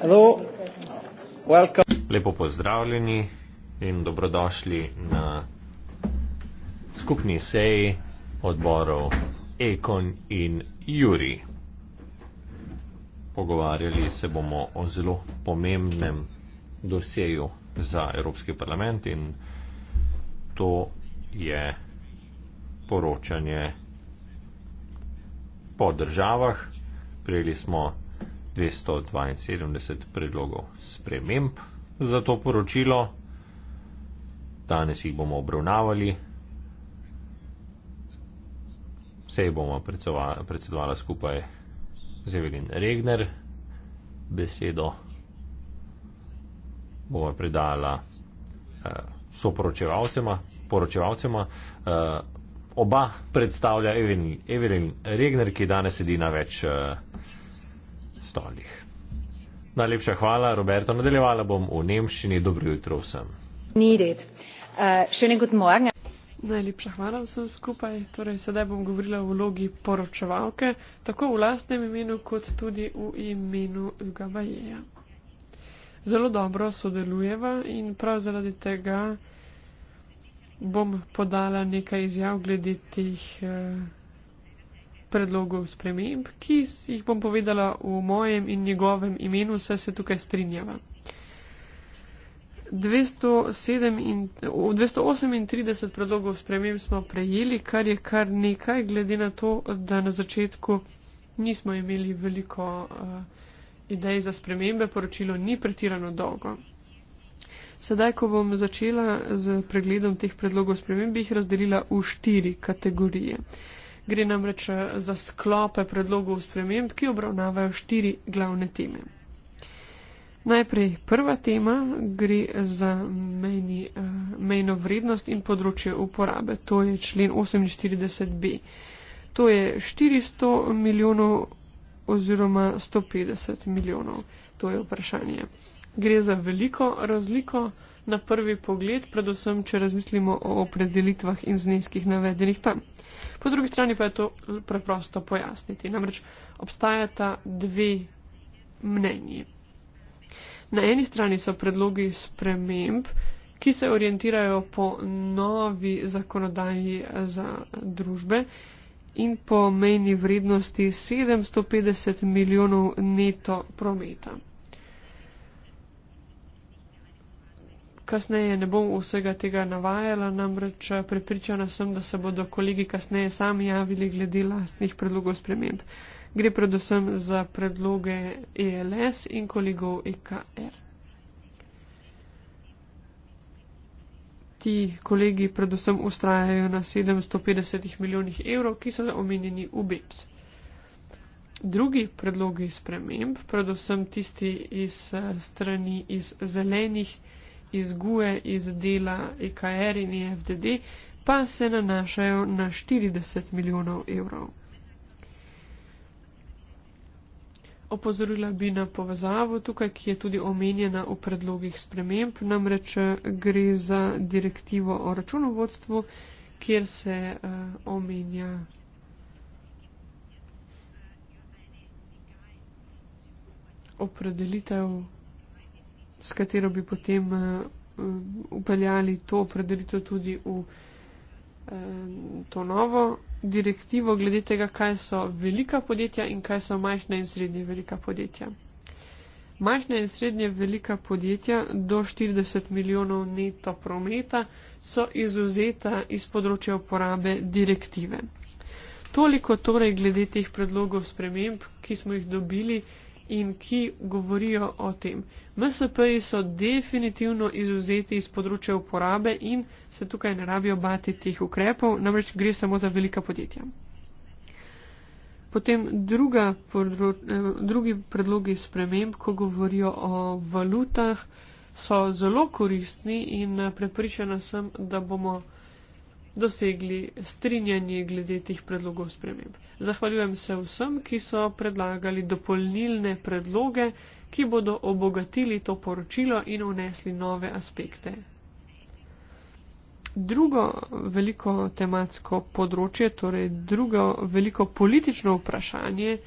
Hello. Lepo pozdravljeni in dobrodošli na skupni seji odborov Ekon in Juri. Pogovarjali se bomo o zelo pomembnem doseju za Evropski parlament in to je poročanje po državah. Prijeli smo 272 predlogov sprememb za to poročilo. Danes jih bomo obravnavali. Vse jih bomo predsedovala skupaj z Evelin Regner. Besedo bomo predala eh, soporočevalcema, poročevalcema. Eh, oba predstavlja Evelin Regner, ki danes sedi na več predsedovanjih stolih. Najlepša hvala, Roberto. Nadaljevala bom v Nemščini. Dobro jutro vsem. Ni red. Še en kot morgen. Najlepša hvala vsem skupaj. Torej, sedaj bom govorila o vlogi poročevalke, tako v lastnem imenu, kot tudi v imenu Gabajeja. Zelo dobro sodelujeva in prav zaradi tega bom podala nekaj izjav glede teh. Eh, predlogov sprememb, ki jih bom povedala v mojem in njegovem imenu, saj se tukaj strinjava. 207 in, 238 predlogov sprememb smo prejeli, kar je kar nekaj, glede na to, da na začetku nismo imeli veliko uh, idej za spremembe, poročilo ni pretirano dolgo. Sedaj, ko bom začela z pregledom teh predlogov sprememb, bi jih razdelila v štiri kategorije. Uh, Gre namreč eh, za sklope predlogov sprememb, ki obravnavajo štiri glavne teme. Najprej prva tema gre za meni, eh, mejno vrednost in področje uporabe, to je člen 48b. To je 400 milijonov oziroma 150 milijonov, to je vprašanje. Gre za veliko razliko na prvi pogled, predvsem, če razmislimo o opredelitvah in zneskih navedenih tam. Po drugi strani pa je to preprosto pojasniti. Namreč obstajata dve mnenji. Na eni strani so predlogi sprememb, ki se orientirajo po novi zakonodaji za družbe in po mejni vrednosti 750 milijonov neto prometa. kasneje ne bom vsega tega navajala, namreč eh, prepričana sem, da se bodo kolegi kasneje sami javili glede lastnih predlogov sprememb. Gre predvsem za predloge ELS in kolegov EKR. Ti kolegi predvsem ustrajajo na 750 milijonih evrov, ki so omenjeni v BEPS. Drugi predlogi sprememb, predvsem tisti iz eh, strani iz zelenih, iz GUE, iz dela EKR in e FDD, pa se nanašajo na 40 milijonov evrov. Opozorila bi na povezavo tukaj, ki je tudi omenjena v predlogih sprememb, namreč eh, gre za direktivo o računovodstvu, kjer se uh, omenja. Opredelitev s katero bi potem uh, eh, upeljali to opredelitev tudi v uh, to novo direktivo glede tega, kaj so velika podjetja in kaj so majhna in srednje velika podjetja. Majhna in srednje velika podjetja do 40 milijonov neto prometa so izuzeta iz področja uporabe direktive. Toliko torej glede teh predlogov sprememb, ki smo jih dobili in ki govorijo o tem. MSP-ji so definitivno izuzeti iz področja uporabe in se tukaj ne rabijo bati teh ukrepov, namreč gre samo za velika podjetja. Potem eh, drugi predlogi sprememb, ko govorijo o valutah, so zelo koristni in prepričana sem, da bomo dosegli strinjanje glede teh predlogov sprememb. Zahvaljujem se vsem, ki so predlagali dopolnilne predloge, ki bodo obogatili to poročilo in vnesli nove aspekte. Drugo veliko tematsko področje, torej drugo veliko politično vprašanje,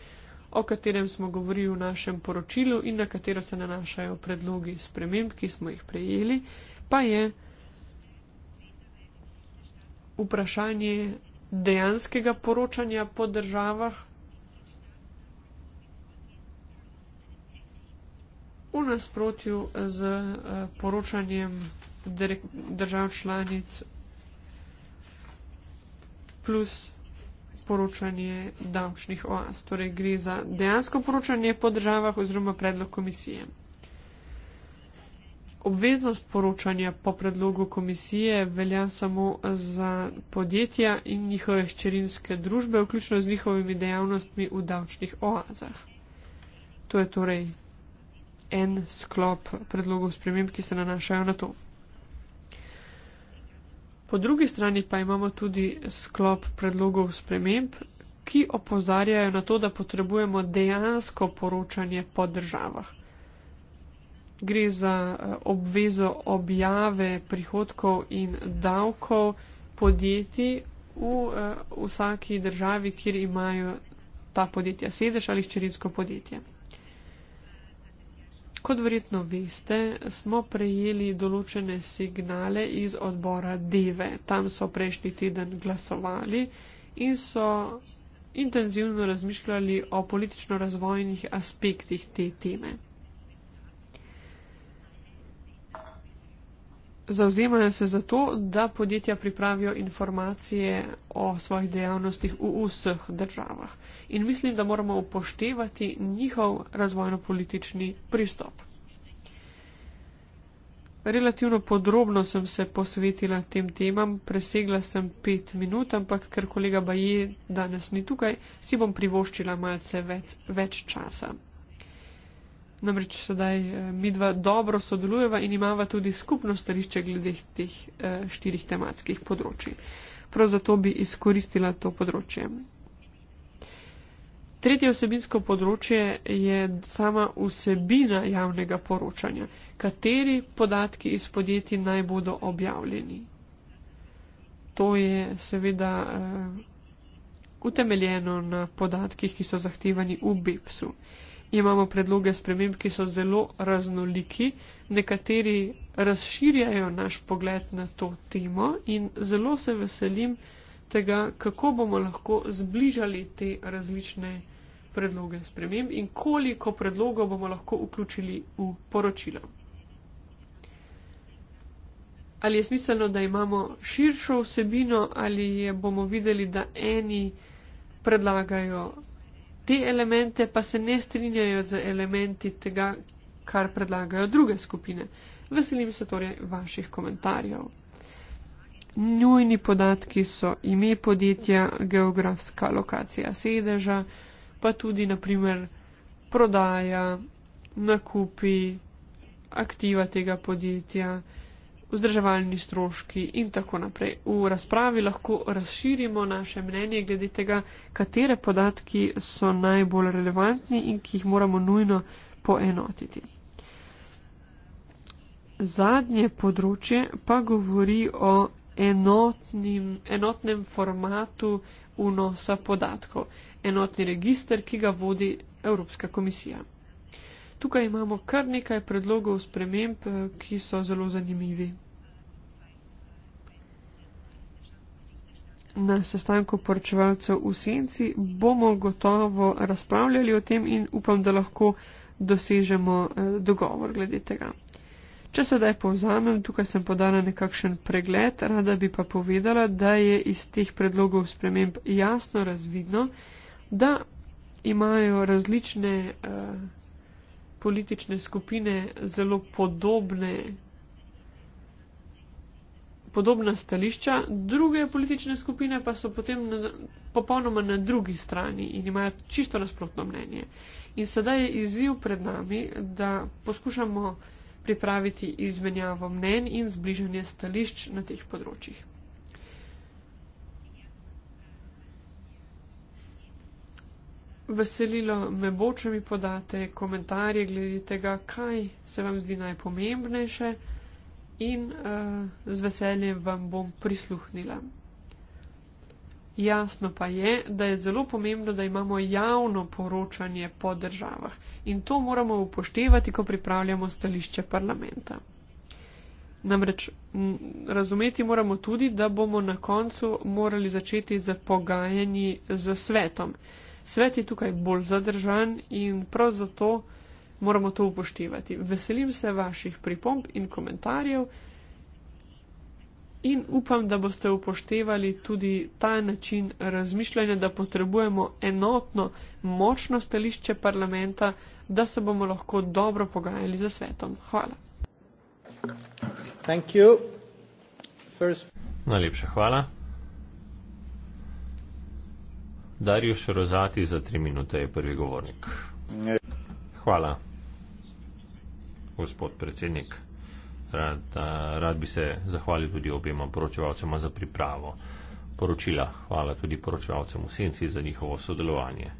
o katerem smo govorili v našem poročilu in na katero se nanašajo predlogi sprememb, ki smo jih prejeli, pa je vprašanje dejanskega poročanja po državah. V nasprotju z eh, poročanjem držav članic plus poročanje davčnih oaz. Torej gre za dejansko poročanje po državah oziroma predlog komisije. Obveznost poročanja po predlogu komisije velja samo za podjetja in njihove ščerinske družbe, vključno z njihovimi dejavnostmi v davčnih oazah. To je torej en sklop predlogov sprememb, ki se nanašajo na to. Po drugi strani pa imamo tudi sklop predlogov sprememb, ki opozarjajo na to, da potrebujemo dejansko poročanje po državah gre za eh, obvezo objave prihodkov in davkov podjetij v eh, vsaki državi, kjer imajo ta podjetja sedež ali ščerinsko podjetje. Kot verjetno veste, smo prejeli določene signale iz odbora Deve. Tam so prejšnji teden glasovali in so intenzivno razmišljali o politično-razvojnih aspektih te teme. Zauzemajo se za to, da podjetja pripravijo informacije o svojih dejavnostih v vseh državah. In mislim, da moramo upoštevati njihov razvojno-politični pristop. Relativno podrobno sem se posvetila tem temam, presegla sem pet minut, ampak ker kolega Baje danes ni tukaj, si bom privoščila malce več, več časa. Namreč sedaj eh, midva dobro sodelujeva in imava tudi skupno stališče glede teh eh, štirih tematskih področij. Prav zato bi izkoristila to področje. Tretje osebinsko področje je sama vsebina javnega poročanja. Kateri podatki iz podjetij naj bodo objavljeni? To je seveda uh, utemeljeno na podatkih, ki so zahtevani v BEPS-u. Uh, imamo predloge sprememb, ki so zelo raznoliki, nekateri razširjajo naš pogled na to temo in zelo se veselim tega, kako bomo lahko zbližali te različne predloge sprememb in koliko predlogov bomo lahko vključili v poročilo. Ali je smiselno, da imamo širšo vsebino ali je bomo videli, da eni predlagajo Te elemente pa se ne strinjajo z elementi tega, kar predlagajo druge skupine. Veselim se torej vaših komentarjev. Njujni podatki so ime podjetja, geografska lokacija sedeža, pa tudi naprimer prodaja, nakupi, aktiva tega podjetja vzdrževalni stroški in tako naprej. V razpravi lahko razširimo naše mnenje glede tega, katere podatki so najbolj relevantni in ki jih moramo nujno poenotiti. Zadnje področje pa govori o enotnim, enotnem formatu vnosa podatkov, enotni register, ki ga vodi Evropska komisija. Tukaj imamo kar nekaj predlogov sprememb, eh, ki so zelo zanimivi. na sestanku poročevalcev v senci, bomo gotovo razpravljali o tem in upam, da lahko dosežemo eh, dogovor glede tega. Če sedaj povzamem, tukaj sem podala nekakšen pregled, rada bi pa povedala, da je iz teh predlogov sprememb jasno razvidno, da imajo različne uh, politične skupine zelo podobne podobna stališča, druge politične skupine pa so potem na, popolnoma na drugi strani in imajo čisto nasprotno mnenje. In sedaj je izziv pred nami, da poskušamo pripraviti izmenjavo mnen in zbližanje stališč na teh področjih. Veselilo me bo, če mi podate komentarje glede tega, kaj se vam zdi najpomembnejše in uh, z veseljem vam bom prisluhnila. Jasno pa je, da je zelo pomembno, da imamo javno poročanje po državah in to moramo upoštevati, ko pripravljamo stališče parlamenta. Namreč razumeti moramo tudi, da bomo na koncu morali začeti z pogajanji z svetom. Svet je tukaj bolj zadržan in prav zato moramo to upoštevati. Veselim se vaših pripomb in komentarjev in upam, da boste upoštevali tudi ta način razmišljanja, da potrebujemo enotno, močno stališče parlamenta, da se bomo lahko dobro pogajali za svetom. Hvala. Najlepša hvala. Darius Rozati za tri minute je prvi govornik. Hvala gospod predsednik. Rad, eh, rad bi se zahvalil tudi obema poročevalcema za pripravo poročila. Hvala tudi poročevalcem v senci za njihovo sodelovanje.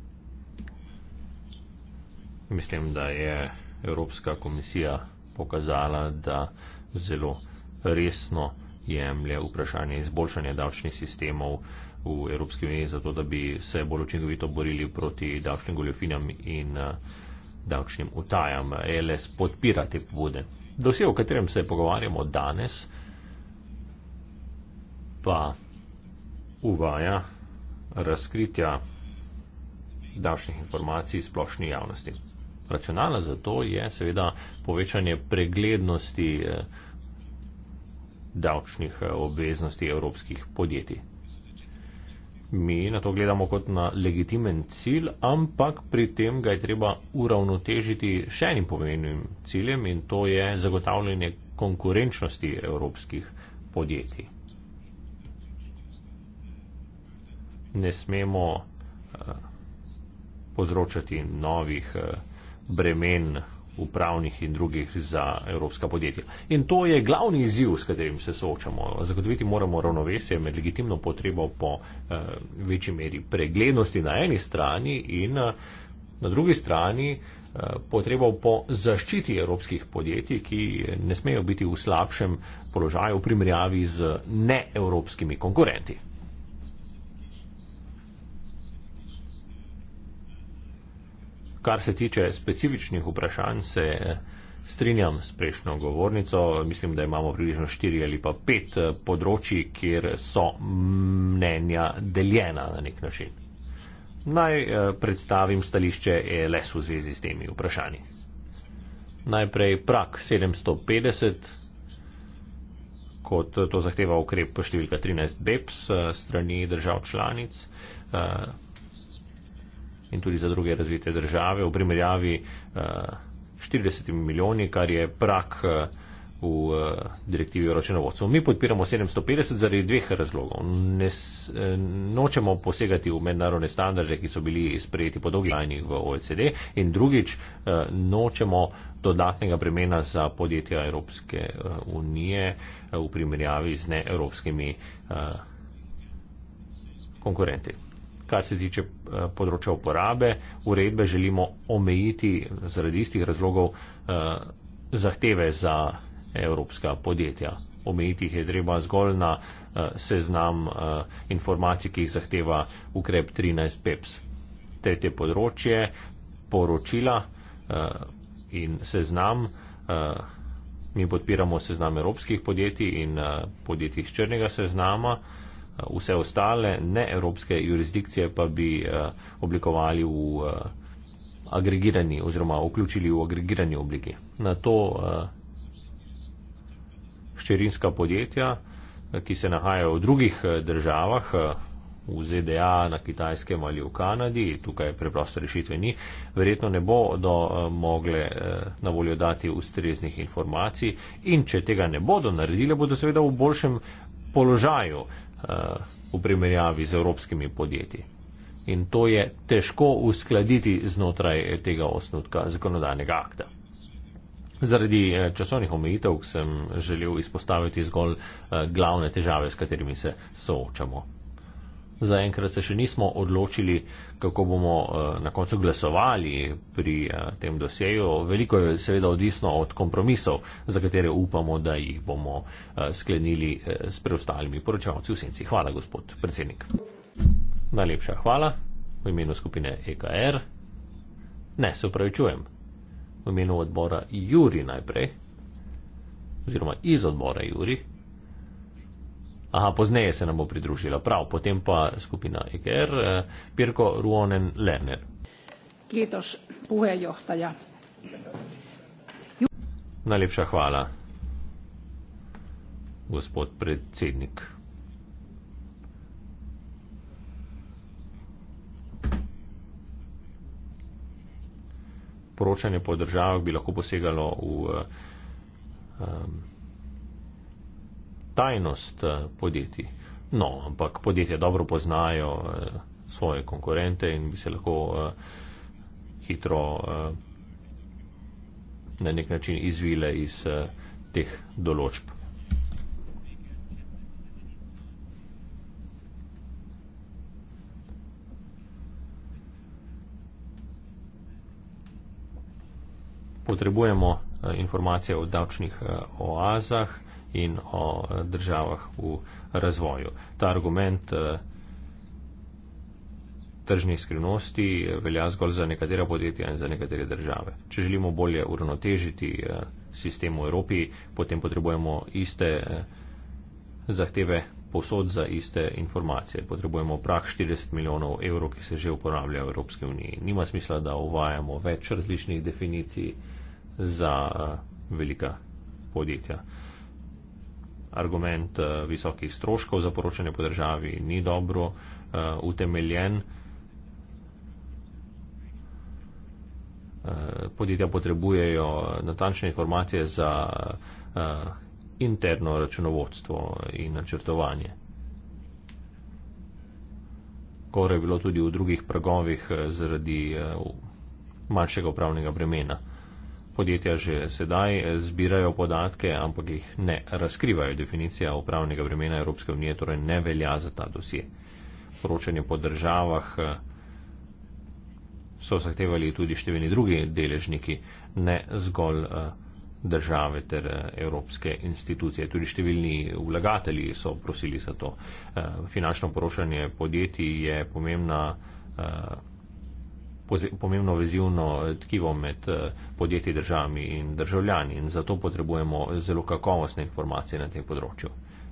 Mislim, da je Evropska komisija pokazala, da zelo resno jemlje vprašanje izboljšanja davčnih sistemov v Evropski uniji, zato da bi se bolj učinkovito borili proti davčnim goljofinjam in uh, davčnim utajam LS podpira te pobude. Dosje, o katerem se pogovarjamo danes, pa uvaja razkritja davčnih informacij splošni javnosti. Racionalno za to je seveda povečanje preglednosti eh, davčnih eh, obveznosti evropskih podjetij mi na to gledamo kot na legitimen cilj, ampak pri tem ga je treba uravnotežiti še enim pomenim ciljem in to je zagotavljanje konkurenčnosti evropskih podjetij. Ne smemo uh, povzročati novih uh, bremen uh, upravnih in drugih za evropska podjetja. In to je glavni izziv, s katerim se soočamo. Zagotoviti moramo ravnovesje med legitimno potrebo po uh, večji meri preglednosti na eni strani in uh, na drugi strani uh, potrebo po zaščiti evropskih podjetij, ki ne smejo biti v slabšem položaju v primerjavi z neevropskimi konkurenti. kar se tiče specifičnih vprašanj, se eh, strinjam s prejšnjo govornico. Mislim, da imamo približno štiri ali pa pet eh, področji, kjer so mnenja deljena na nek način. Naj eh, predstavim stališče ELS v zvezi s temi vprašanji. Najprej prak 750, kot to zahteva ukrep številka 13 BEPS strani držav članic in tudi za druge razvite države v primerjavi eh, s 40 milijoni, kar je prak eh, v eh, direktivi o računovodstvu. Mi podpiramo 750 zaradi dveh razlogov. Ne, nočemo posegati v mednarodne standarde, ki so bili sprejeti po dolgih lajnih v OECD in drugič nočemo dodatnega bremena za podjetja Evropske unije v primerjavi z neevropskimi konkurenti kar se tiče eh, področja uporabe, uredbe želimo omejiti zaradi istih razlogov eh, zahteve za evropska podjetja. Omejiti jih je treba zgolj na eh, seznam eh, informacij, ki jih zahteva ukrep 13 PEPS. Tretje področje, poročila eh, in seznam. Eh, mi podpiramo seznam evropskih podjetij in eh, podjetij iz črnega seznama. Eh, Eh, vse ostale neevropske jurisdikcije pa bi eh, oblikovali v eh, agregirani oziroma vključili v agregirani obliki. Na to ščerinska podjetja, ki se nahajajo v drugih državah, v ZDA, na Kitajskem ali v Kanadi, tukaj preproste rešitve ni, verjetno ne bo do mogle na voljo dati ustreznih informacij in če tega ne bodo naredile, bodo seveda v boljšem položaju v primerjavi z evropskimi podjetji. In to je težko uskladiti znotraj eh, tega osnutka zakonodajnega akta. Zaradi eh, časovnih omejitev sem želel izpostaviti zgolj eh, glavne težave, s katerimi se soočamo Zaenkrat se še nismo odločili, kako bomo eh, na koncu glasovali pri eh, tem dosjeju. Veliko je seveda odvisno od kompromisov, za katere upamo, da jih bomo eh, sklenili s preostalimi poročevalci v senci. Hvala, gospod predsednik. Najlepša hvala v imenu skupine EKR. Ne, se upravičujem. V imenu odbora Juri najprej, oziroma iz odbora Juri. Aha, pozneje se nam bo pridružila, prav, potem pa skupina EGR, eh, Pirko Ruonen Lerner. Kitoš, puhejohtaja. Najlepša hvala, gospod predsednik. Poročanje po državah bi lahko posegalo v um, tajnost eh, podjetij. No, ampak podjetja dobro poznajo eh, svoje konkurente in bi se lahko eh, hitro na nek način izvile iz teh določb. Potrebujemo informacije o davčnih oazah in o eh, državah v razvoju. Ta argument eh, tržnih skrivnosti eh, velja zgolj za nekatera podjetja in za nekatere države. Če želimo bolje uravnotežiti sistem v Evropi, potem potrebujemo iste zahteve posod za iste informacije. Potrebujemo prah 40 milijonov evrov, ki se že uporablja v Evropski uniji. Nima smisla, da uvajamo več različnih definicij za velika podjetja argument eh, visokih stroškov za poročanje po državi ni dobro eh, utemeljen. Eh, podjetja potrebujejo natančne informacije za interno računovodstvo in načrtovanje. Kore je bilo tudi v drugih pragovih zaradi manjšega upravnega bremena. Podjetja že sedaj zbirajo podatke, ampak jih ne razkrivajo. Definicija upravnega bremena Evropske unije torej ne velja za ta dosje. Poročanje po državah eh, so zahtevali tudi številni drugi deležniki, ne zgolj eh, države ter eh, evropske institucije. Tudi številni vlagatelji so prosili za to. Finančno poročanje podjetij je pomembna pomembno vezivno eh, tkivo med eh, podjetji, državami in državljani in zato potrebujemo zelo kakovostne informacije na tem področju.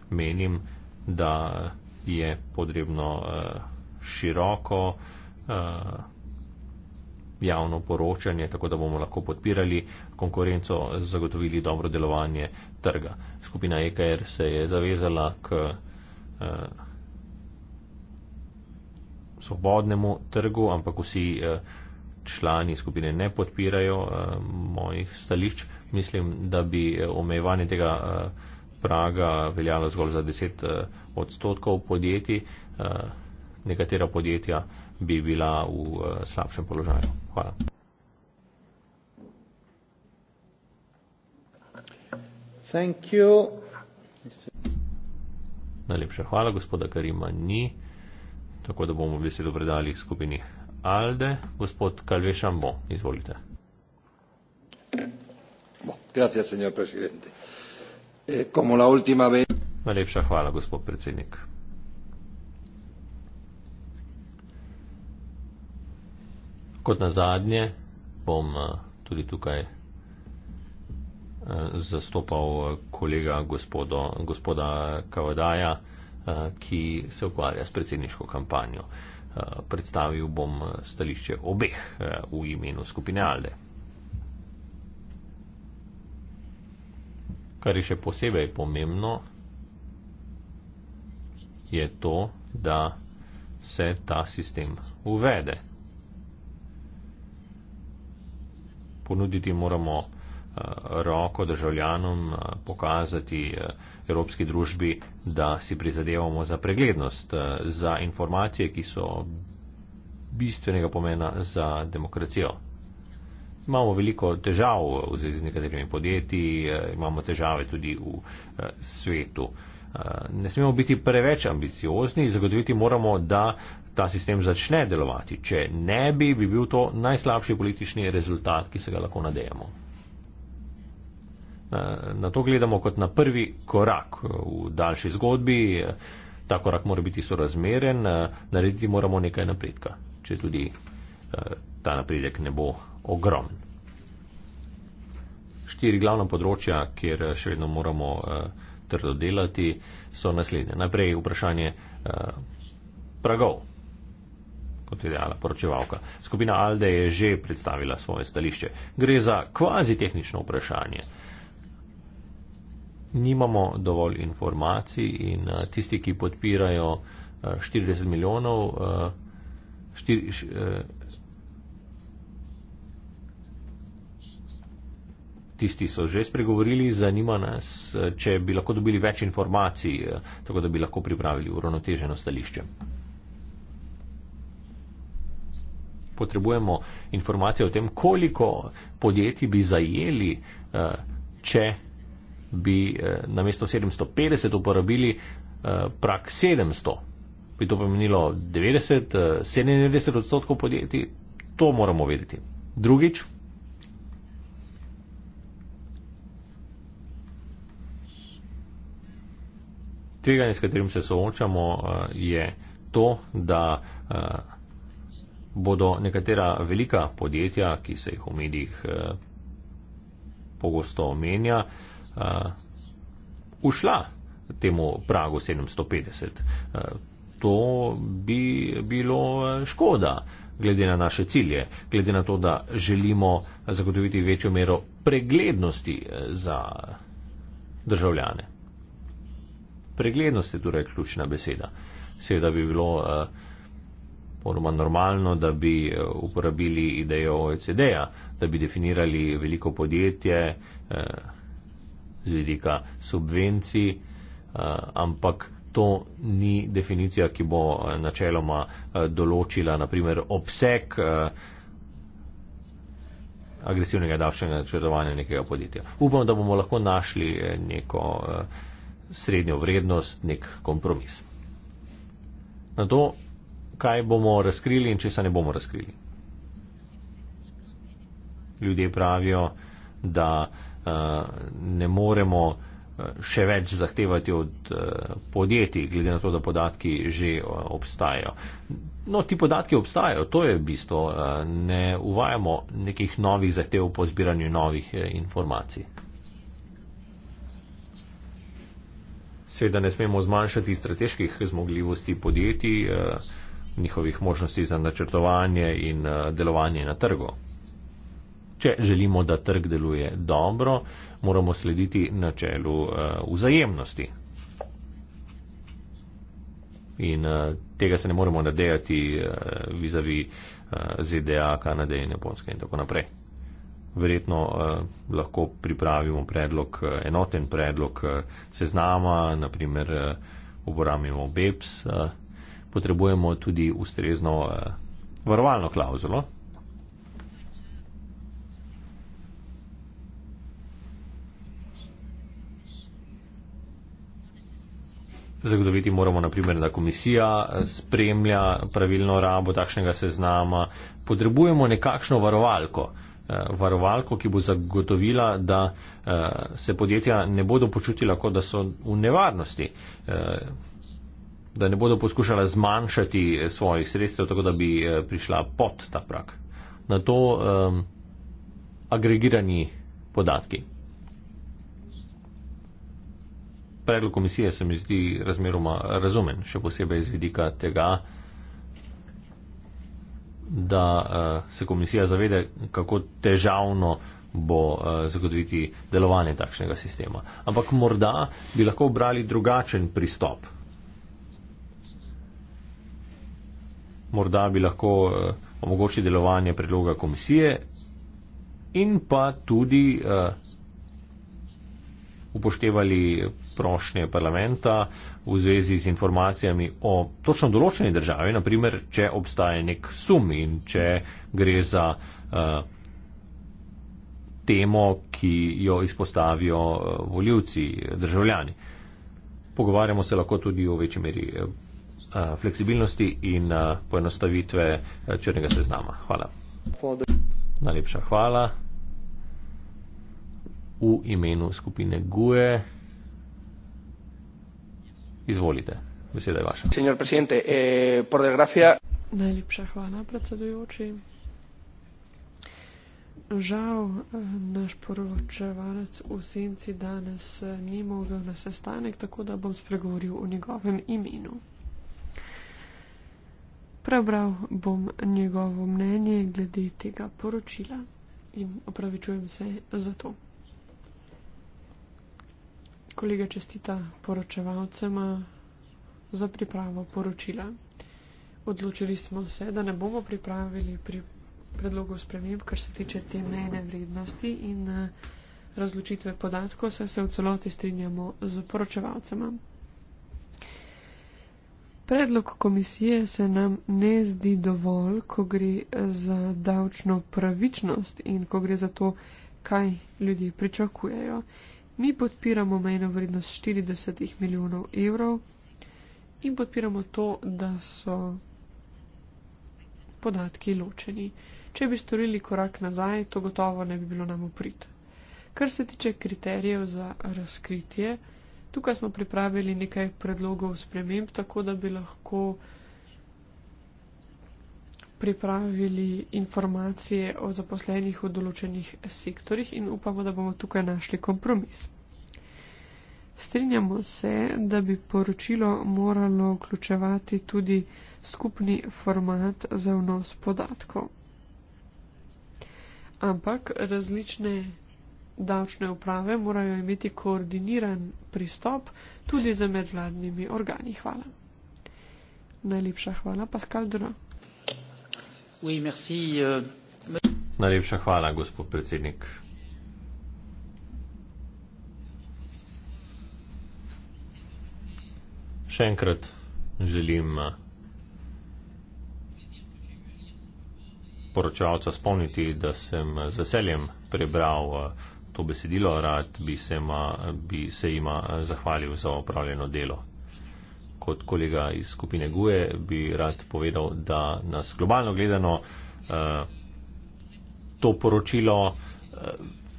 Menim, da je potrebno eh, široko javno poročanje, tako da bomo lahko podpirali konkurenco, zagotovili dobro delovanje trga. Skupina EKR se je zavezala k svobodnemu trgu, ampak vsi eh, člani skupine ne podpirajo eh, mojih stališč. Mislim, da bi eh, omejevanje tega praga veljalo zgolj za 10 odstotkov podjetij. Nekatera podjetja bi bila v slabšem položaju. Hvala. Najlepša hvala, gospoda Karima, ni tako da bomo besedo predali skupini Alde. Gospod Kalvešambo, izvolite. Eh, Najlepša hvala, gospod predsednik. Kot na zadnje bom eh, tudi tukaj eh, zastopal kolega gospodo, gospoda Kavadaja. Eh, ki se ukvarja s predsedniško kampanjo. Eh, predstavil bom eh, stališče obeh v imenu skupine Alde. Kar je še posebej pomembno, je to, da se ta sistem uvede. Ponuditi moramo Eh, roko državljanom eh, pokazati eh, Evropski družbi, da si prizadevamo za preglednost, za informacije, ki so bistvenega pomena za demokracijo. Imamo veliko težav v zvezi z nekaterimi podjetji, imamo težave tudi v svetu. Ne smemo biti preveč ambiciozni, zagotoviti moramo, da ta sistem začne delovati. Če ne bi, bi bil to najslabši politični rezultat, ki se ga lahko nadejamo. Na to gledamo kot na prvi korak v daljši zgodbi. Ta korak mora biti sorazmeren, narediti moramo nekaj napredka, če tudi eh, ta napredek ne bo ogromen. Štiri glavna področja, kjer še vedno moramo eh, trdo delati, so naslednje. Najprej vprašanje eh, pragov kot je dejala poročevalka. Skupina Alde je že predstavila svoje stališče. Gre za kvazi tehnično vprašanje. Uh, nimamo dovolj informacij in uh, tisti, ki podpirajo uh, eh, 40 milijonov, uh, eh, štir, š, uh, tisti so že spregovorili, zanima nas, uh, če bi lahko dobili več informacij, uh, tako da bi lahko pripravili uravnoteženo stališče. Potrebujemo informacije o tem, koliko podjetij bi zajeli, uh, če bi eh, na mesto 750 uporabili eh, prak 700. Bi to pomenilo 90, eh, 97 odstotkov podjetij? To moramo vedeti. Drugič. Tveganje, s katerim se soočamo, eh, je to, da eh, bodo nekatera velika podjetja, ki se jih v medijih eh, pogosto omenja, eh, uh, ušla temu pragu 750. Uh, to bi bilo uh, škoda, glede na naše cilje, glede na to, da želimo zagotoviti večjo mero preglednosti uh, za državljane. Preglednost je torej ključna beseda. Seveda bi bilo uh, ponoma eh, normalno, da bi uporabili idejo OECD-ja, da bi definirali veliko podjetje, eh, z vidika subvencij, eh, ampak to ni definicija, ki bo eh, načeloma eh, določila naprimer obseg agresivnega davčnega načrtovanja nekega podjetja. Upam, da bomo lahko našli neko srednjo vrednost, nek kompromis. Na to, kaj bomo razkrili in česa ne bomo razkrili. Ljudje pravijo, da Eh, ne moremo eh, še več zahtevati od eh, podjetij, glede na to, da podatki že obstajajo. No, ti podatki obstajajo, to je bistvo. Ne uvajamo nekih novih zahtev po zbiranju novih informacij. Seveda ne smemo zmanjšati strateških zmogljivosti podjetij, njihovih možnosti za načrtovanje in delovanje na trgu. Če želimo, da trg deluje dobro, moramo slediti načelu eh, vzajemnosti. In eh, tega se ne moremo nadejati eh, vizavi ZDA, Kanade in Japonske in tako naprej. Verjetno eh, lahko pripravimo predlog, enoten predlog seznama, naprimer uporabimo BEPS, eh, potrebujemo tudi ustrezno eh, varovalno klauzulo. Zagotoviti moramo, naprimer, da komisija eh, spremlja pravilno rabo takšnega seznama. Potrebujemo nekakšno varovalko, eh, varovalko, ki bo zagotovila, da eh, se podjetja ne bodo počutila, kot da so v nevarnosti, da ne bodo poskušala zmanjšati svojih sredstev, tako da bi prišla pod ta prak. Na to um, agregirani podatki predlog komisije se mi zdi razmeroma razumen, še posebej iz vidika tega, da uh, se komisija zaveda, kako težavno bo uh, zagotoviti delovanje takšnega sistema. Ampak morda bi lahko obrali drugačen pristop. Morda bi lahko uh, omogočili delovanje predloga komisije in pa tudi uh, upoštevali prošnje parlamenta v zvezi z informacijami o točno določeni državi, naprimer, če obstaja nek sum in če gre za uh, temo, ki jo izpostavijo uh, voljivci, državljani. Pogovarjamo se lahko tudi o večji meri uh, fleksibilnosti in uh, poenostavitve uh, črnega seznama. Hvala. Fode. Najlepša hvala. V imenu skupine GUE. Izvolite, beseda je vaša. Senor presidente, eh, por desgracia... Najlepša hvala, predsedujoči. Žal eh, naš poročevalec v senci danes eh, ni mogel na sestanek, tako da bom spregovoril o njegovem imenu. Prebral bom njegovo mnenje glede tega poročila in opravičujem se za to kolega čestita poročevalcema za pripravo poročila. Odločili smo se, da ne bomo pripravili pri predlogov sprememb, kar se tiče te mejne vrednosti in eh, razločitve podatkov, saj se v celoti strinjamo z poročevalcema. Predlog komisije se nam ne zdi dovolj, ko gre eh, za davčno pravičnost in ko gre za to, kaj ljudje pričakujejo. Mi podpiramo mejno vrednost 40 milijonov evrov in podpiramo to, da so podatki ločeni. Če bi storili korak nazaj, to gotovo ne bi bilo nam uprit. Kar se tiče kriterijev za razkritje, tukaj smo pripravili nekaj predlogov sprememb, tako da bi lahko pripravili informacije o zaposlenih v določenih sektorjih in upamo, da bomo tukaj našli kompromis. Strinjamo se, da bi poročilo moralo vključevati tudi skupni format za vnos podatkov. Ampak različne davčne uprave morajo imeti koordiniran pristop tudi za medvladnimi organi. Hvala. Najlepša hvala, Paskal Dro. Euh, Najlepša hvala, gospod predsednik. Še enkrat želim eh, poročevalca spomniti, da sem eh, z veseljem prebral eh, to besedilo, rad bi se, ima, bi se jima zahvalil za opravljeno delo kot kolega iz skupine GUE, bi rad povedal, da nas globalno gledano eh, to poročilo eh,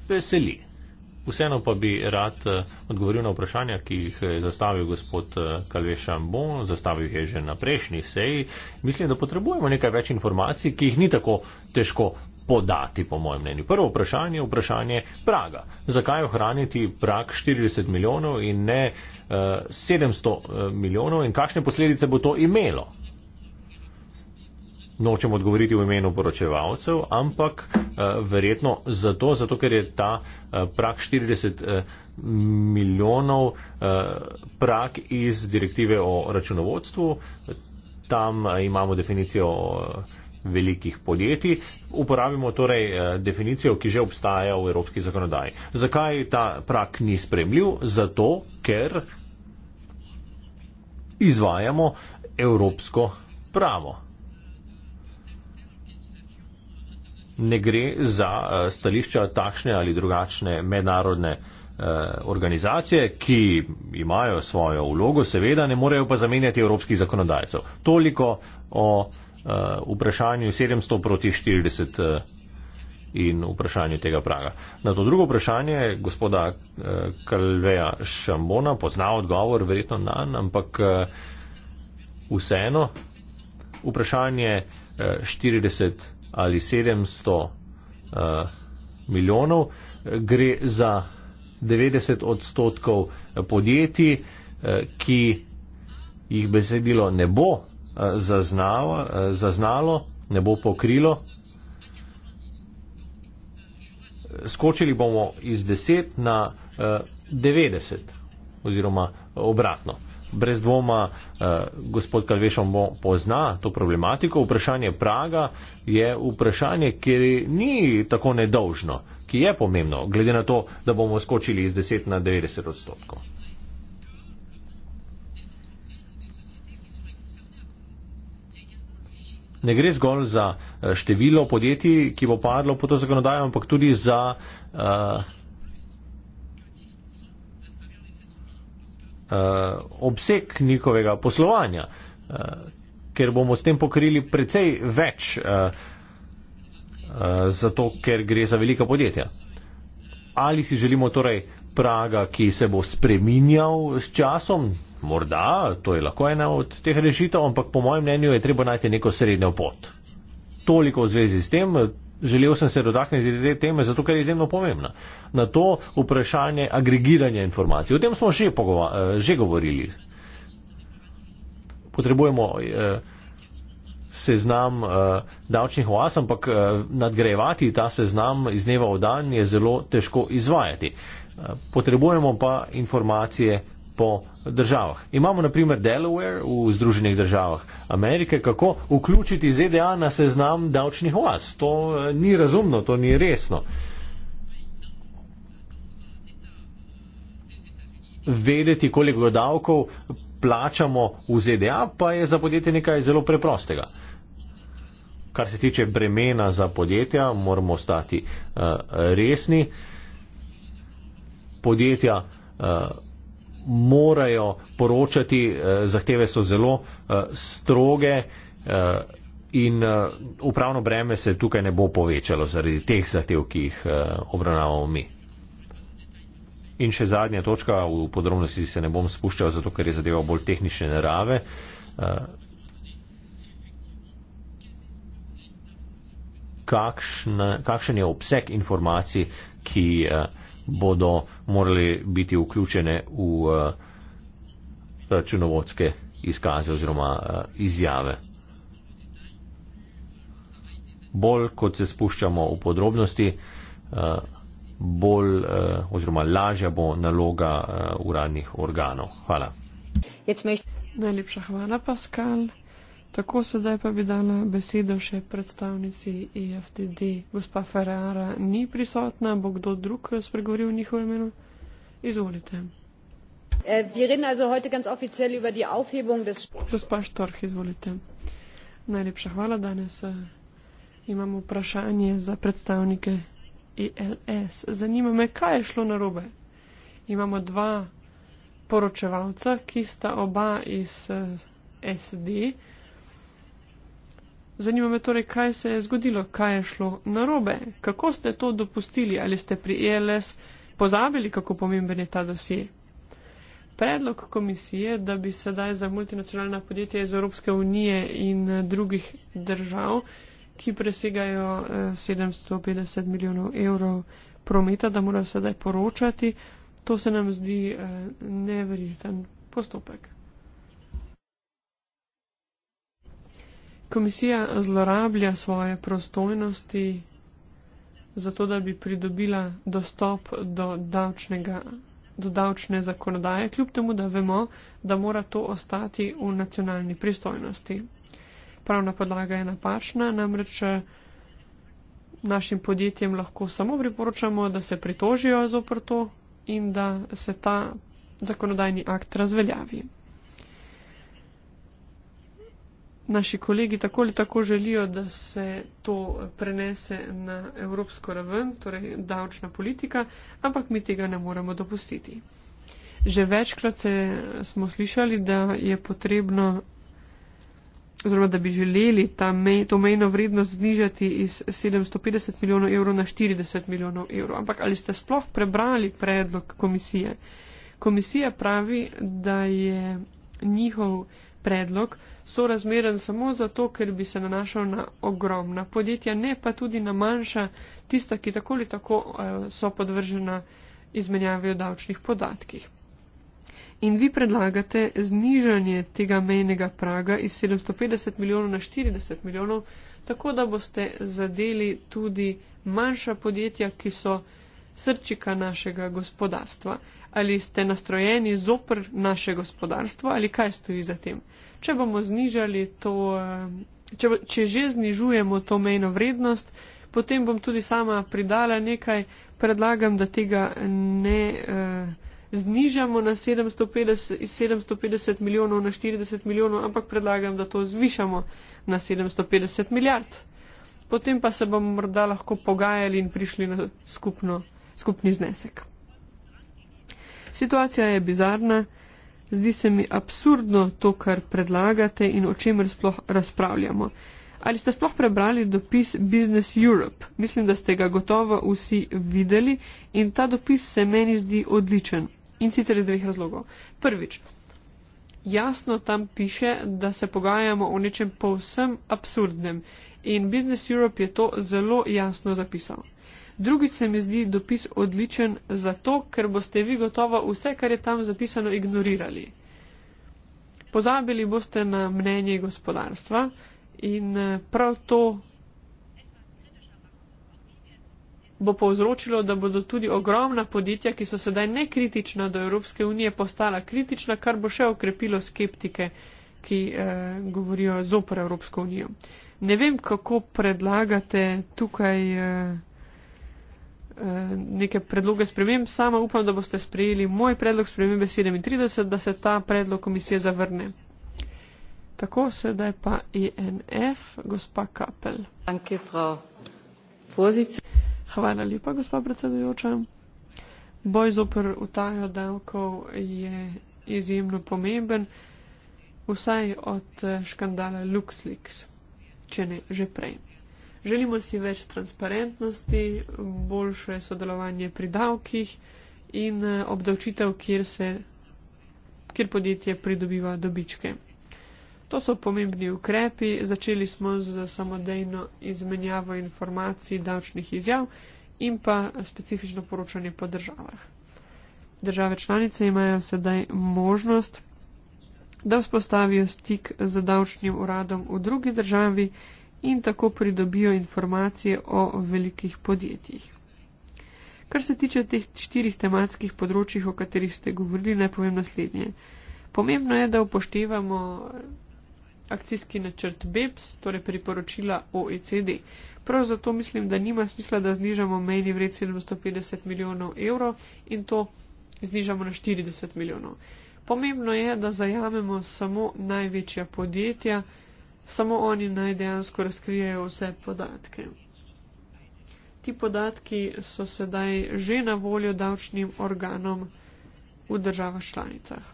veseli. Vseeno pa bi rad eh, odgovoril na vprašanja, ki jih je zastavil gospod Kalve Šambon, zastavil jih je že na prejšnji seji. Mislim, da potrebujemo nekaj več informacij, ki jih ni tako težko podati, po mojem mnenju. Prvo vprašanje je vprašanje Praga. Zakaj ohraniti Prag 40 milijonov in ne 700 eh, milijonov in kakšne posledice bo to imelo. Nočem odgovoriti v imenu poročevalcev, ampak uh, verjetno zato, zato, ker je ta uh, prak 40 uh, milijonov uh, eh, prak iz direktive o računovodstvu. Tam uh, imamo definicijo uh, velikih podjetij. Uporabimo torej uh, definicijo, ki že obstaja v evropski zakonodaji. Zakaj ta prak ni spremljiv? Zato, ker izvajamo evropsko pravo. Ne gre za eh, stališča takšne ali drugačne mednarodne eh, organizacije, ki imajo svojo vlogo, seveda ne morejo pa zamenjati evropskih zakonodajcev. Toliko o eh, vprašanju 700 proti 40 in vprašanje tega praga. Na to drugo vprašanje gospoda eh, Kalveja Šambona pozna odgovor, verjetno na, ampak eh, vseeno vprašanje 40 eh, ali 700 milijonov gre za 90 odstotkov podjetij, ki jih besedilo ne bo zaznalo, ne bo pokrilo skočili bomo iz 10 na 90 eh, oziroma obratno. Brez dvoma eh, gospod Kalvešom pozna to problematiko. Vprašanje Praga je vprašanje, ki ni tako nedolžno, ki je pomembno, glede na to, da bomo skočili iz 10 na 90 odstotkov. ne gre zgolj za eh, število podjetij, ki bo padlo po to zakonodajo, ampak tudi za. Uh, obseg njihovega poslovanja, ker bomo s tem pokrili precej več, zato ker gre za velika podjetja. Ali si želimo torej praga, ki se bo spreminjal s časom, Morda, to je lahko ena od teh rešitev, ampak po mojem mnenju je treba najti neko srednjo pot. Toliko v zvezi s tem, želel sem se dotakniti te teme, zato ker je izjemno pomembna. Na to vprašanje agregiranja informacij. O tem smo že, eh, že govorili. Potrebujemo eh, seznam eh, davčnih oas, ampak eh, nadgrajevati ta seznam iz dneva v dan je zelo težko izvajati. Eh, potrebujemo pa informacije po državah. Imamo naprimer Delaware v Združenih državah Amerike, kako vključiti ZDA na seznam davčnih oaz. To eh, ni razumno, to ni resno. Vedeti, koliko davkov plačamo v ZDA, pa je za podjetje nekaj zelo preprostega. Kar se tiče bremena za podjetja, moramo ostati uh, eh, resni. Podjetja uh, morajo poročati, eh, zahteve so zelo eh, stroge eh, in upravno breme se tukaj ne bo povečalo zaradi teh zahtev, ki jih obravnavamo mi. In še zadnja točka, v podrobnosti se ne bom spuščal, zato ker je zadeva bolj tehnične narave. Kakšna, kakšen je obseg informacij, ki uh, bodo morali biti vključene v eh, računovodske izkaze oziroma eh, izjave. Bolj kot se spuščamo v podrobnosti, eh, bolj oziroma lažja bo naloga uradnih organov. Hvala. Najlepša hvala, Pascal. Tako, sedaj pa bi dala besedo še predstavnici IFDD. E Gospa Ferrara ni prisotna, bo kdo drug spregovoril v njihovem imenu? Izvolite. Äh, Gospa Štorh, izvolite. Najlepša hvala. Danes äh, imam vprašanje za predstavnike ILS. E Zanima me, kaj je šlo narobe. Imamo dva poročevalca, ki sta oba iz äh, SD. Zanima me torej, kaj se je zgodilo, kaj je šlo narobe, kako ste to dopustili, ali ste pri ELS pozabili, kako pomemben je ta dosje. Predlog komisije, da bi sedaj za multinacionalna podjetja iz Evropske unije in drugih držav, ki presegajo 750 eh, milijonov evrov prometa, da morajo sedaj poročati, to se nam zdi eh, neverjeten postopek. komisija zlorablja svoje prostojnosti zato, da bi pridobila dostop do, davčnega, do davčne zakonodaje, kljub temu, da vemo, da mora to ostati v nacionalni pristojnosti. Pravna podlaga je napačna, namreč eh, našim podjetjem lahko samo priporočamo, da se pritožijo zoprto in da se ta zakonodajni akt razveljavi. naši kolegi tako ali tako želijo, da se to prenese na evropsko raven, torej davčna politika, ampak mi tega ne moremo dopustiti. Že večkrat se, smo slišali, da je potrebno, oziroma da bi želeli mej, to mejno vrednost znižati iz 750 milijonov evrov na 40 milijonov evrov. Ampak ali ste sploh prebrali predlog komisije? Komisija pravi, da je njihov predlog sorazmeren samo zato, ker bi se nanašal na ogromna podjetja, ne pa tudi na manjša, tista, ki tako ali tako eh, so podvržena izmenjavi o davčnih podatkih. In vi predlagate znižanje tega mejnega praga iz 750 milijonov na 40 milijonov, tako da boste zadeli tudi manjša podjetja, ki so srčika našega gospodarstva. Ali ste nastrojeni zopr naše gospodarstvo ali kaj stoji za tem? če bomo znižali to, eh, če, če že znižujemo to mejno vrednost, potem bom tudi sama pridala nekaj, predlagam, da tega ne eh, znižamo na 750, iz 750 milijonov na 40 milijonov, ampak predlagam, da to zvišamo na 750 milijard. Potem pa se bomo morda lahko pogajali in prišli na skupno, skupni znesek. Situacija je bizarna. Zdi se mi absurdno to, kar predlagate in o čemer sploh razpravljamo. Ali ste sploh prebrali dopis Business Europe? Mislim, da ste ga gotovo vsi videli in ta dopis se meni zdi odličen. In sicer iz dveh razlogov. Prvič, jasno tam piše, da se pogajamo o nečem povsem absurdnem in Business Europe je to zelo jasno zapisal. Drugič se mi zdi dopis odličen zato, ker boste vi gotovo vse, kar je tam zapisano, ignorirali. Pozabili boste na mnenje gospodarstva in eh, prav to bo povzročilo, da bodo tudi ogromna podjetja, ki so sedaj nekritična do Evropske unije, postala kritična, kar bo še okrepilo skeptike, ki eh, govorijo zopr Evropsko unijo. Ne vem, kako predlagate tukaj. Eh, Eh, neke predloge sprememb. Sama upam, da boste sprejeli moj predlog spremembe 37, da se ta predlog komisije zavrne. Tako sedaj pa INF, e gospa Kapel. Hvala lepa, gospa predsedujoča. Boj zoper utajo davkov je izjemno pomemben, vsaj od eh, škandala LuxLeaks, če ne že prej. Želimo si več transparentnosti, boljše sodelovanje pri davkih in eh, obdavčitev, kjer, se, kjer podjetje pridobiva dobičke. To so pomembni ukrepi. Začeli smo z samodejno izmenjavo informacij davčnih izjav in pa specifično poročanje po državah. Države članice imajo sedaj možnost, da vzpostavijo stik z davčnim uradom v drugi državi in tako pridobijo informacije o velikih podjetjih. Kar se tiče teh štirih tematskih področjih, o katerih ste govorili, naj povem naslednje. Pomembno je, da upoštevamo akcijski načrt BEPS, torej priporočila OECD. Prav zato mislim, da nima smisla, da znižamo mejni vred 750 milijonov evrov in to znižamo na 40 milijonov. Pomembno je, da zajamemo samo največja podjetja, Samo oni naj dejansko razkrijejo vse podatke. Ti podatki so sedaj že na voljo davčnim organom v državah članicah.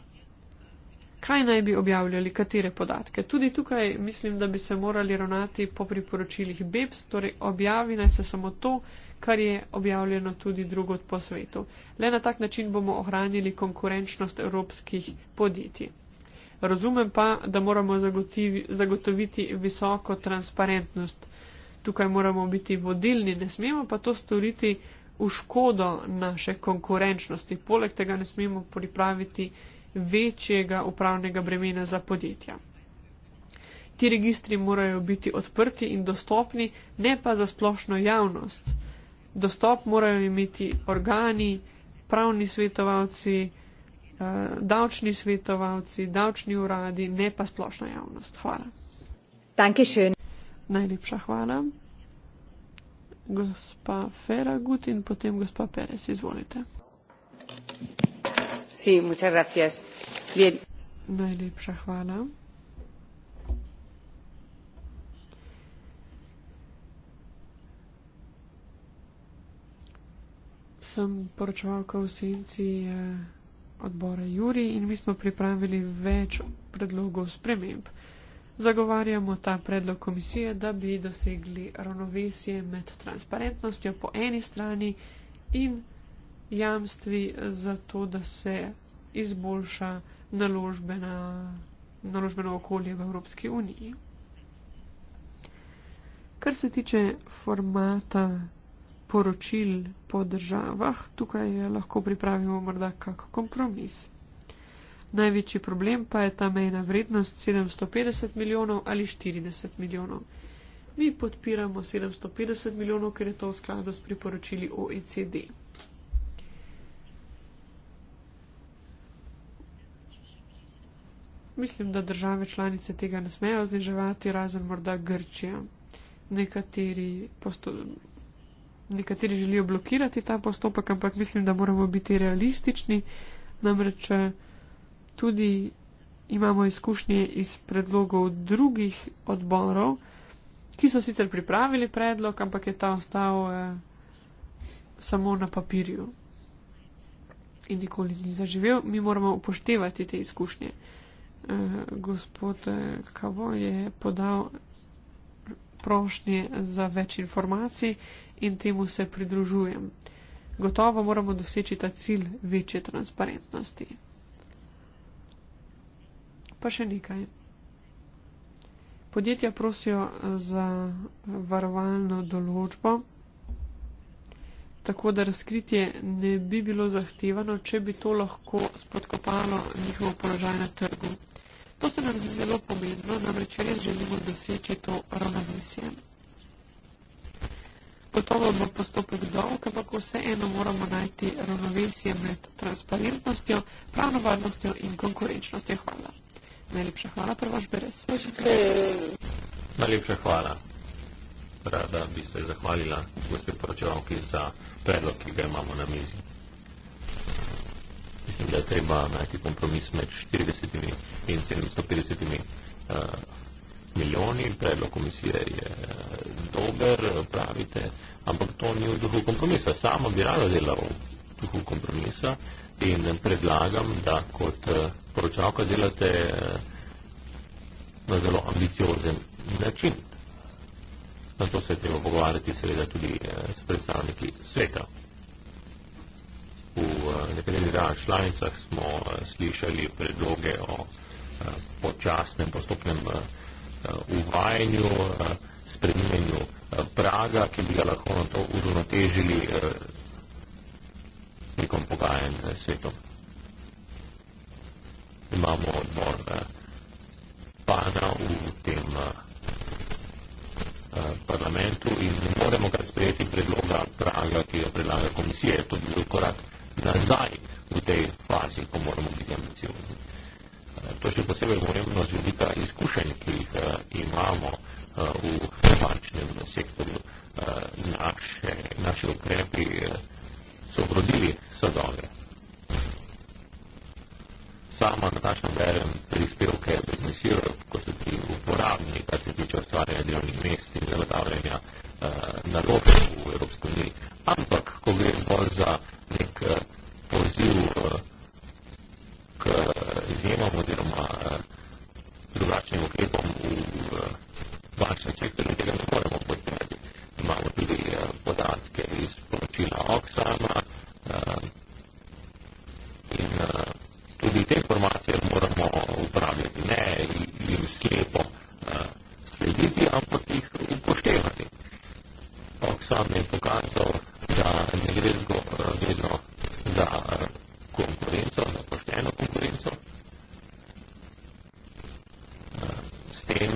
Kaj naj bi objavljali, katere podatke? Tudi tukaj mislim, da bi se morali ravnati po priporočilih BEPS, torej objavi naj se samo to, kar je objavljeno tudi drugot po svetu. Le na tak način bomo ohranili konkurenčnost evropskih podjetij. Razumem pa, da moramo zagotoviti visoko transparentnost. Tukaj moramo biti vodilni, ne smemo pa to storiti v škodo naše konkurenčnosti. Poleg tega ne smemo pripraviti večjega upravnega bremena za podjetja. Ti registri morajo biti odprti in dostopni, ne pa za splošno javnost. Dostop morajo imeti organi, pravni svetovalci, Eh, davčni svetovalci, davčni uradi, ne pa splošna javnost. Hvala. Dankeschön. Najlepša hvala. Gospa Feragut in potem gospa Perez, izvolite. Sí, muchas gracias. Bien. Najlepša hvala. Sem poročevalka v senci. Eh, odbora Juri in mi smo pripravili več predlogov sprememb. Zagovarjamo ta predlog komisije, da bi dosegli ravnovesje med transparentnostjo po eni strani in jamstvi za to, da se izboljša naložbena, naložbeno okolje v Evropski uniji. Kar se tiče formata poročil po državah, tukaj lahko pripravimo morda kak kompromis. Največji problem pa je ta mejna vrednost 750 milijonov ali 40 milijonov. Mi podpiramo 750 milijonov, ker je to v skladu s priporočili OECD. Mislim, da države članice tega ne smejo zniževati, razen morda Grčija. Nekateri nekateri želijo blokirati ta postopek, ampak mislim, da moramo biti realistični. Namreč eh, tudi imamo izkušnje iz predlogov drugih odborov, ki so sicer pripravili predlog, ampak je ta ostal eh, samo na papirju in nikoli ni zaživel. Mi moramo upoštevati te izkušnje. Eh, gospod eh, Kavo je podal prošnje za več informacij in temu se pridružujem. Gotovo moramo doseči ta cilj večje transparentnosti. Pa še nekaj. Podjetja prosijo za varovalno določbo, tako da razkritje ne bi bilo zahtevano, če bi to lahko spodkopalo njihovo položaj na trgu. To se nam zdi zelo pomembno, namreč res želimo doseči to ravnovesje gotovo bo postopek dolg, ampak vseeno moramo najti ravnovesje med transparentnostjo, pravno varnostjo in konkurenčnostjo. Hvala. Najlepša hvala, prvaš Berez. Najlepša hvala. Rada bi se zahvalila gospe poročevalki za predlog, ki ga imamo na mizi. Mislim, da je treba najti kompromis med 40 in 750 uh, eh, milijoni. Predlog komisije je eh, dober, pravite. Uh, ampak to ni v duhu kompromisa. Sama bi rada delala v duhu kompromisa in predlagam, da kot eh, poročavka delate eh, na zelo ambiciozen način. Na to se je treba pogovarjati seveda tudi eh, s predstavniki sveta. V nekaterih državah članicah smo slišali predloge o počasnem postopnem uvajanju, spreminjanju praga, ki bi ga lahko na to uravnotežili eh, tekom pogajanj z eh, svetom. Imamo odbor eh, pana v tem eh, eh, parlamentu in ne moremo kar sprejeti predloga praga, ki ga predlaga komisija. To bi bil korak nazaj v tej fazi, ko moramo biti ambiciozni. Eh, to še posebej pomembno z vidika izkušenj, ki jih eh, imamo. Eh, v finančnem sektorju. Eh, naše, naše ukrepi eh, so obrodili sadove. Sama natačno berem prispevke biznesirov, kot so ti uporabni, kar se tiče ustvarjanja delovnih mest in zagotavljanja naložb v Evropski uniji. Ampak, ko gre bolj za nek poziv k izjemom oziroma drugačnim ukrepom v, v, v plačna čipka, tega ne moremo podpreti. Imamo tudi uh, podatke iz poročila Oxfama uh, eh, in uh, tudi te informacije moramo uporabljati, ne jim slepo uh, slediti, ampak jih upoštevati. Oxfam je pokazal, da ne gre vedno za konkurenco, za pošteno konkurenco. Uh, s tem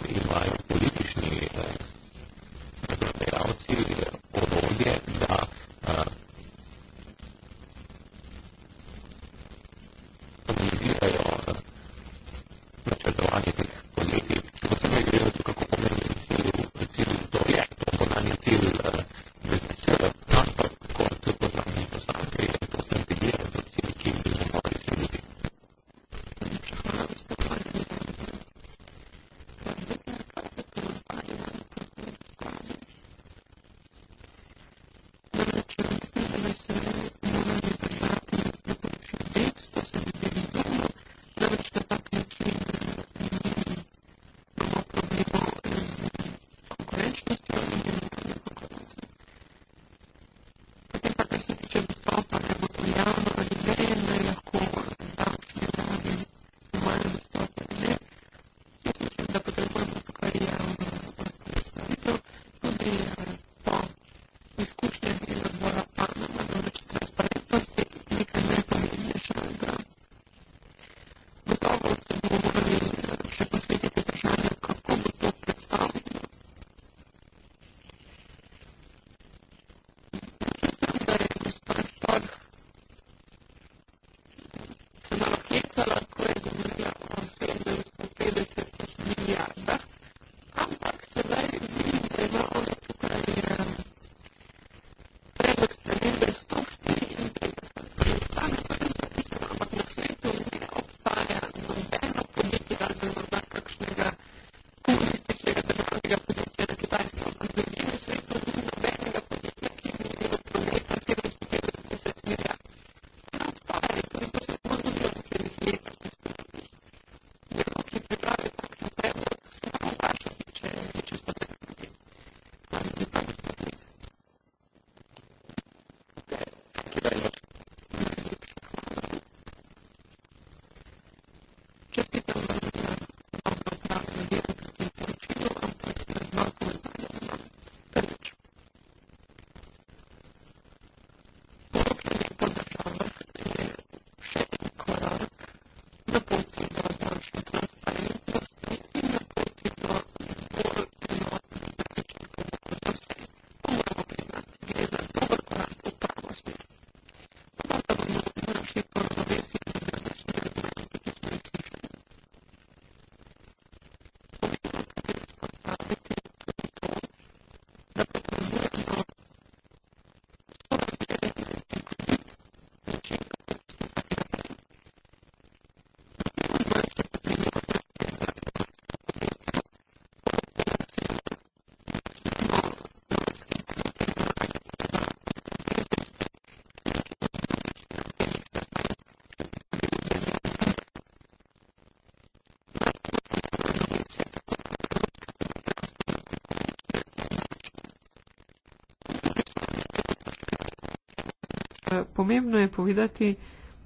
pomembno je povedati,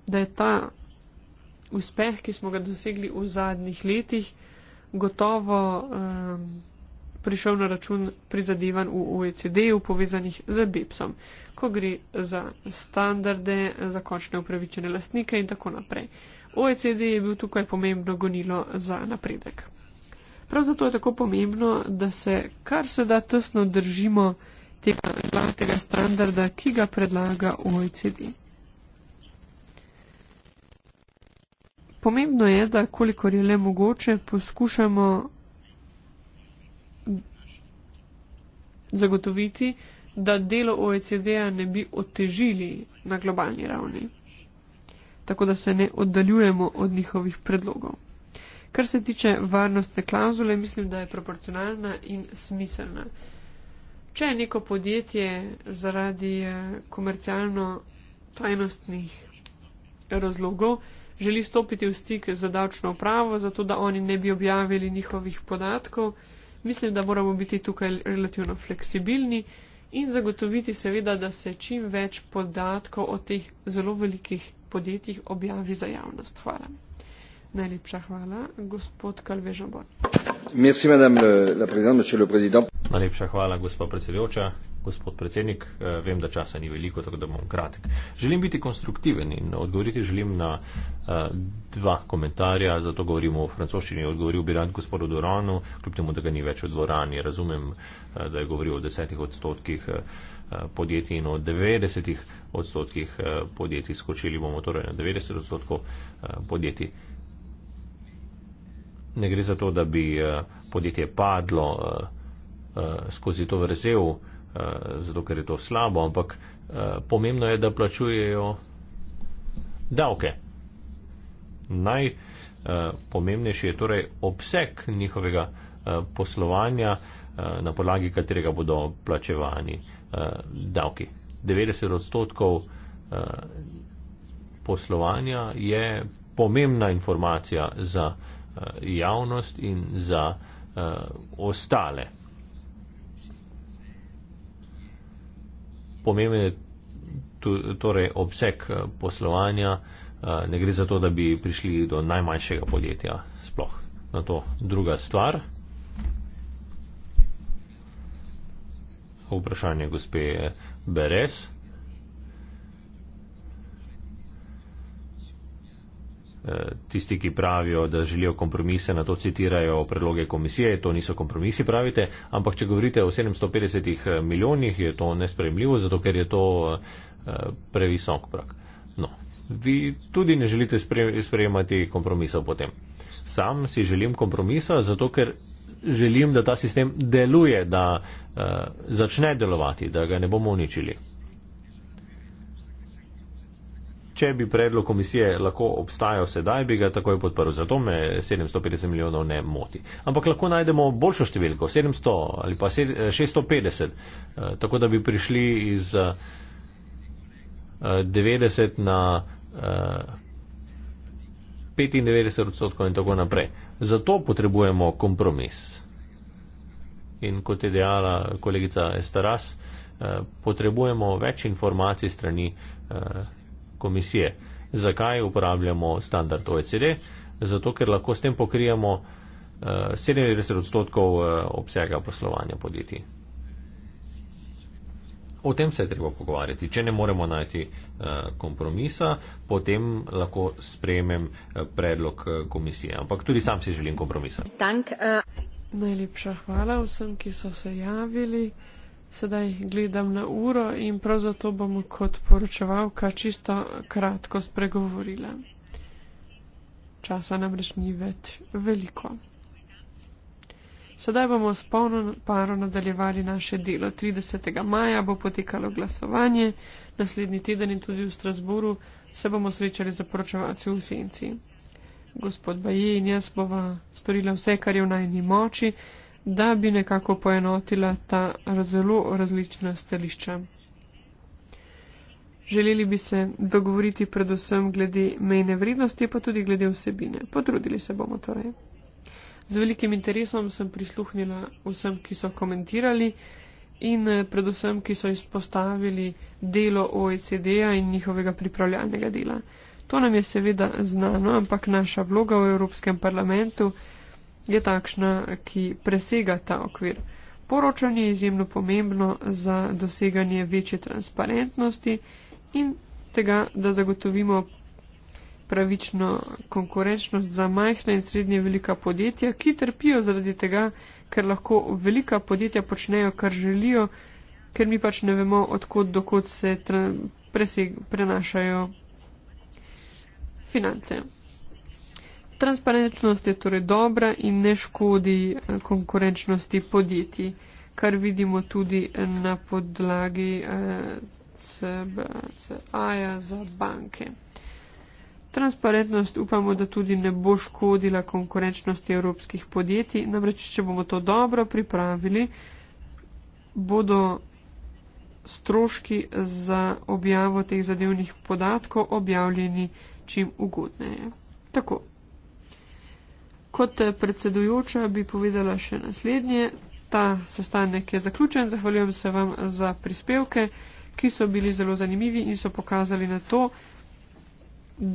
da je ta uspeh, ki smo ga dosegli v zadnjih letih, gotovo um, prišel na račun prizadevanj v OECD-u povezanih z BEPS-om, ko gre za standarde, za končne upravičene lastnike in tako naprej. OECD je bil tukaj pomembno gonilo za napredek. Prav zato je tako pomembno, da se kar se da tesno držimo tega zlatega standarda, ki ga predlaga OECD. Pomembno je, da kolikor je le mogoče, poskušamo zagotoviti, da delo OECD-ja ne bi otežili na globalni ravni, tako da se ne oddaljujemo od njihovih predlogov. Kar se tiče varnostne klauzule, mislim, da je proporcionalna in smiselna. Če je neko podjetje zaradi eh, komercialno-tajnostnih razlogov želi stopiti v stik z davčno upravo, zato da oni ne bi objavili njihovih podatkov, mislim, da moramo biti tukaj relativno fleksibilni in zagotoviti seveda, da se čim več podatkov o teh zelo velikih podjetjih objavi za javnost. Hvala. Najlepša hvala, gospod Kalvežabon. Merci, madame la présidente, monsieur le président. Najlepša hvala, gospa predsedujoča. Gospod predsednik, eh, vem, da časa ni veliko, tako da bom kratek. Želim biti konstruktiven in odgovoriti želim na eh, dva komentarja, zato govorimo o francoščini. Odgovoril bi rad gospodu Duranu, kljub temu, da ga ni več v dvorani. Razumem, eh, da je govoril o desetih odstotkih podjetij in o devedesetih odstotkih podjetij. Skočili bomo torej na devedeset odstotkov podjetij ne gre za to, da bi eh, podjetje padlo eh, eh, skozi to vrzel, zato ker je to slabo, ampak pomembno je, da plačujejo davke. Najpomembnejši je torej obseg njihovega poslovanja, na podlagi katerega bodo plačevani davki. 90 odstotkov poslovanja je pomembna informacija za. Eh, javnost in za uh, ostale. Pomembno je torej obseg eh, poslovanja, uh, ne gre za to, da bi prišli do najmanjšega podjetja sploh. Na to druga stvar. Vprašanje gospe Beres. Eh, tisti, ki pravijo, da želijo kompromise, na to citirajo predloge komisije, to niso kompromisi, pravite, ampak če govorite o 750 eh, milijonih, je to nespremljivo, zato ker je to eh, previsok prak. No, vi tudi ne želite sprejemati kompromisov potem. Sam si želim kompromisa, zato ker želim, da ta sistem deluje, da začne delovati, da ga ne bomo uničili če bi predlog komisije lahko obstajal sedaj, bi ga takoj podprl. Zato me 750 milijonov ne moti. Ampak lahko najdemo boljšo številko, 700 ali pa 650, eh, tako da bi prišli iz 90 eh, na 95 eh, odstotkov in tako naprej. Zato potrebujemo kompromis. In kot je dejala kolegica Estaras, potrebujemo več informacij strani komisije. Zakaj uporabljamo standard OECD? Zato, ker lahko s tem pokrijemo 97 eh, odstotkov eh, obsega poslovanja podjetij. O tem se je treba pogovarjati. Če ne moremo najti eh, kompromisa, potem lahko sprejmem predlog komisije. Ampak tudi sam si želim kompromisa. Tank, uh... Najlepša hvala vsem, ki so se javili. Sedaj gledam na uro in prav zato bom kot poročevalka čisto kratko spregovorila. Časa namreč ni več veliko. Sedaj bomo s polno paro nadaljevali naše delo. 30. maja bo potekalo glasovanje, naslednji teden in tudi v Strasburu se bomo srečali za poročevalce v senci. Gospod Baje in jaz bova storila vse, kar je v najni moči da bi nekako poenotila ta zelo različna stališča. Želeli bi se dogovoriti predvsem glede mejne vrednosti, pa tudi glede vsebine. Potrudili se bomo torej. Z velikim interesom sem prisluhnila vsem, ki so komentirali in eh, predvsem, ki so izpostavili delo OECD-a in njihovega pripravljalnega dela. To nam je seveda znano, ampak naša vloga v Evropskem parlamentu je takšna, ki presega ta okvir. Poročanje je izjemno pomembno za doseganje večje transparentnosti in tega, da zagotovimo pravično konkurenčnost za majhna in srednje velika podjetja, ki trpijo zaradi tega, ker lahko velika podjetja počnejo, kar želijo, ker mi pač ne vemo, odkot dokot se prenašajo finance transparentnost je torej dobra in ne škodi eh, konkurenčnosti podjetij, kar vidimo tudi eh, na podlagi eh, CBA-ja za banke. Transparentnost upamo, da tudi ne bo škodila konkurenčnosti evropskih podjetij, namreč, če bomo to dobro pripravili, bodo stroški za objavo teh zadevnih podatkov objavljeni čim ugodneje. Tako. Kot eh, predsedujoča bi povedala še naslednje. Ta sestanek je zaključen. Zahvaljujem se vam za prispevke, ki so bili zelo zanimivi in so pokazali na to,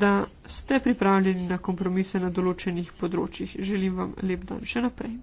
da ste pripravljeni na kompromise na določenih področjih. Želim vam lep dan še naprej.